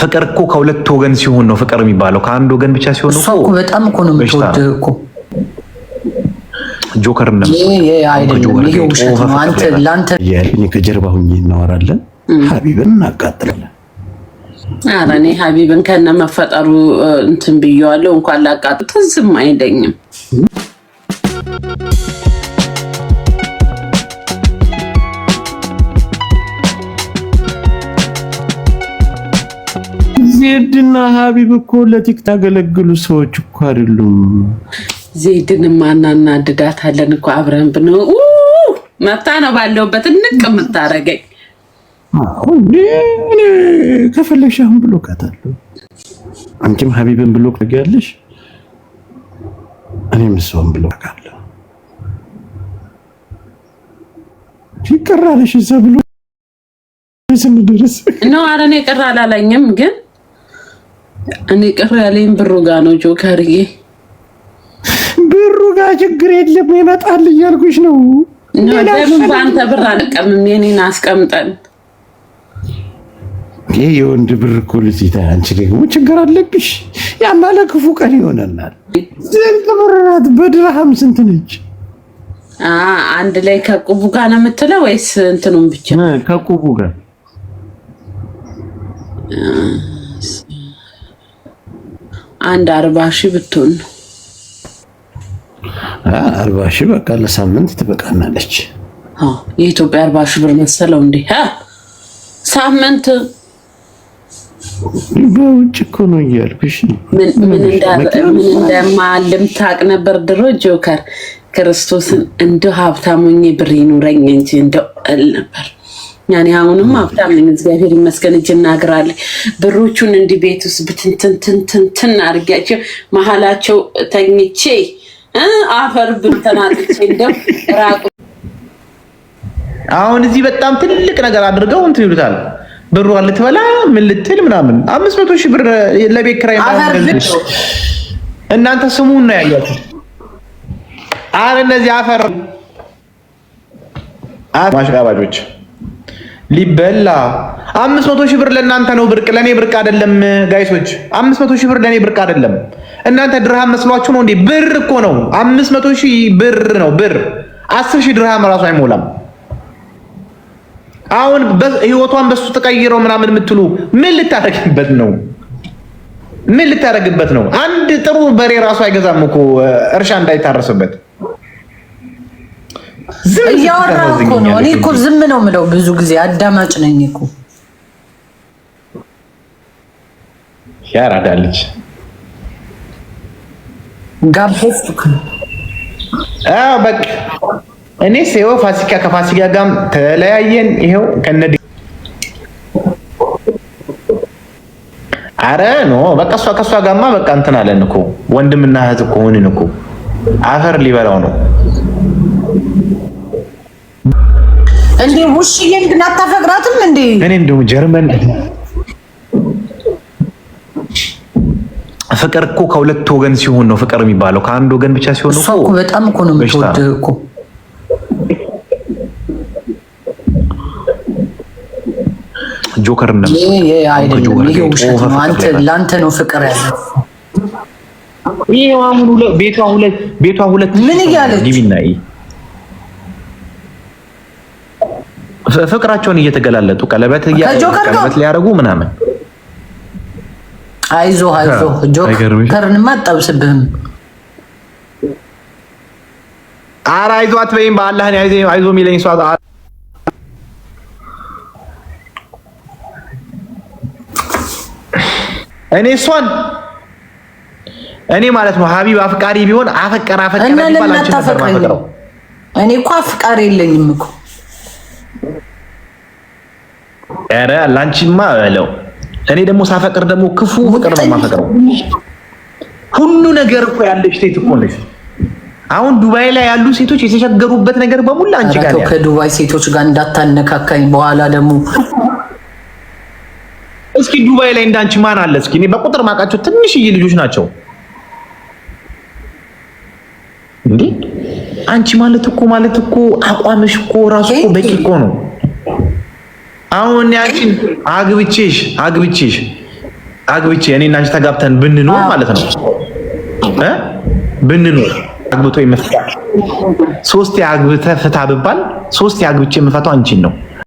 ፍቅር እኮ ከሁለት ወገን ሲሆን ነው ፍቅር የሚባለው፣ ከአንድ ወገን ብቻ ሲሆን እኮ በጣም እኮ ነው የምትወደው እኮ ጆከር ነው። ከጀርባ ሁኜ እናወራለን፣ ሀቢብን እናቃጥላለን። ኧረ እኔ ሀቢብን ከነ መፈጠሩ እንትን ብየዋለሁ። እንኳን ላቃጥ ዝም አይለኝም። ዜድና ሀቢብ እኮ ለቲክ ታገለግሉ ሰዎች እኮ አይደሉም። ዜድን ማናና ድዳት አለን እኮ አብረን ብን መታ ነው ባለውበት እንቅ አሁን ከፈለግሽ አሁን ብሎ ካታለሁ። አንቺም ሀቢብን ብሎ ያለሽ እኔም እሷን ብሎ ካለ ይቀራለሽ እዛ ብሎ ስንደርስ ነው። ኧረ እኔ ቅር አላለኝም ግን እኔ ቅር ያለኝ ብሩ ጋ ነው። ጆከርዬ ብሩ ጋ ችግር የለም ይመጣል እያልኩሽ ነው። ለምን በአንተ ብር አልቀምም? የኔን አስቀምጠን ይህ የወንድ ብር እኮ ልጅታ፣ አንቺ ደግሞ ችግር አለብሽ። ያማ ለክፉ ቀን ይሆነናል። ስንት ብር ናት? በድርሃም ስንት ነች? አንድ ላይ ከቁቡ ጋር ነው የምትለው ወይስ እንትኑም ብቻ? ከቁቡ ጋር አንድ አርባ ሺህ ብትሆን ነው። አርባ ሺህ በቃ ለሳምንት ትበቃናለች። የኢትዮጵያ አርባ ሺህ ብር መሰለው እንዴ? ሳምንት በውጭ እኮ ነው እያልኩሽ። ምን እንደማልም ታውቅ ነበር ድሮ ጆከር። ክርስቶስን እንደ ሀብታሙኝ ብር ይኑረኝ እንጂ እንደው እል ነበር ያኔ አሁንም ሀብታም ነኝ እግዚአብሔር ይመስገን። እጅ እናግራለን ብሮቹን እንዲህ ቤት ውስጥ ብትንትንትንትን አድርጊያቸው መሀላቸው ተኝቼ አፈር ብንተናጥቼ እንደው ራቁ። አሁን እዚህ በጣም ትልቅ ነገር አድርገው እንትን ይሉታል። ብሯን ልትበላ ምን ልትል ምናምን አምስት መቶ ሺህ ብር ለቤት ኪራይ እናንተ ስሙን ነው ያያችሁ። አሁን እነዚህ አፈር ማሽቃባጆች ሊበላ አምስት መቶ ሺህ ብር ለእናንተ ነው ብርቅ፣ ለእኔ ብርቅ አይደለም። ጋይሶች አምስት መቶ ሺህ ብር ለእኔ ብርቅ አይደለም። እናንተ ድርሃም መስሏችሁ ነው እንዴ? ብር እኮ ነው። አምስት መቶ ሺህ ብር ነው ብር። አስር ሺህ ድርሃም ራሱ አይሞላም። አሁን ህይወቷን በሱ ተቀይረው ምናምን የምትሉ ምን ልታደርግበት ነው? ምን ልታደርግበት ነው? አንድ ጥሩ በሬ ራሱ አይገዛም እኮ እርሻ እንዳይታረስበት ዝምነው እኮ ነው። እኔ እኮ ዝም ነው የምለው። ብዙ ጊዜ አዳማጭ ነኝ እኮ። ያራዳ ልጅ በቃ እኔ ሰው ፋሲካ ከፋሲካ ጋርም ተለያየን። ይሄው አረ ኖ በቃ እሷ ከእሷ በቃ እንትን አለን እኮ ወንድምና እህት እኮ ሆንን እኮ አፈር ሊበላው ነው እንዴ ውሽዬ ግን አታፈቅራትም እንዴ? እኔ እንደው ጀርመን ፍቅር እኮ ከሁለት ወገን ሲሆን ነው ፍቅር የሚባለው፣ ከአንድ ወገን ብቻ ሲሆን እኮ በጣም እኮ ነው የምትወደው እኮ ጆከር ነው። ለአንተ ነው ፍቅር ያለው። ይሄ ሁለት ቤቷ ሁለት ምን እያለች ፍቅራቸውን እየተገላለጡ ቀለበት ቀለበት ሊያደርጉ ምናምን። አይዞ አይዞ ጆከርን አጣብስብህም። ኧረ አይዞ አትበይም። በአላህ አይዞ የሚለኝ ሷ እኔ እሷን እኔ ማለት ነው ሀቢብ አፍቃሪ ቢሆን አፈቀር አፈቀር እኔ እኮ አፍቃሪ የለኝም እኮ ኧረ ላንቺማ በለው። እኔ ደግሞ ሳፈቅር ደግሞ ክፉ ፍቅር ነው የማፈቅረው። ሁሉ ነገር እኮ ያለሽ ሴት እኮ ነሽ። አሁን ዱባይ ላይ ያሉ ሴቶች የተቸገሩበት ነገር በሙሉ አንቺ ጋር ያለው። ከዱባይ ሴቶች ጋር እንዳታነካካኝ በኋላ ደግሞ እስኪ ዱባይ ላይ እንዳንቺ ማን አለ? እስኪ እኔ በቁጥር ማውቃቸው ትንሽዬ ልጆች ናቸው። እንዴ አንቺ ማለት እኮ ማለት እኮ አቋምሽ እኮ ራሱ እኮ በቂ እኮ ነው። አሁን ያቺን አግብቼሽ አግብቼሽ አግብቼ እኔ እና አንቺ ተጋብተን ብንኖር ማለት ነው እ ብንኖር አግብቶ ይመስላል ሶስቴ አግብተህ ፍታ ብባል ሶስቴ አግብቼ የምፈታው አንቺን ነው።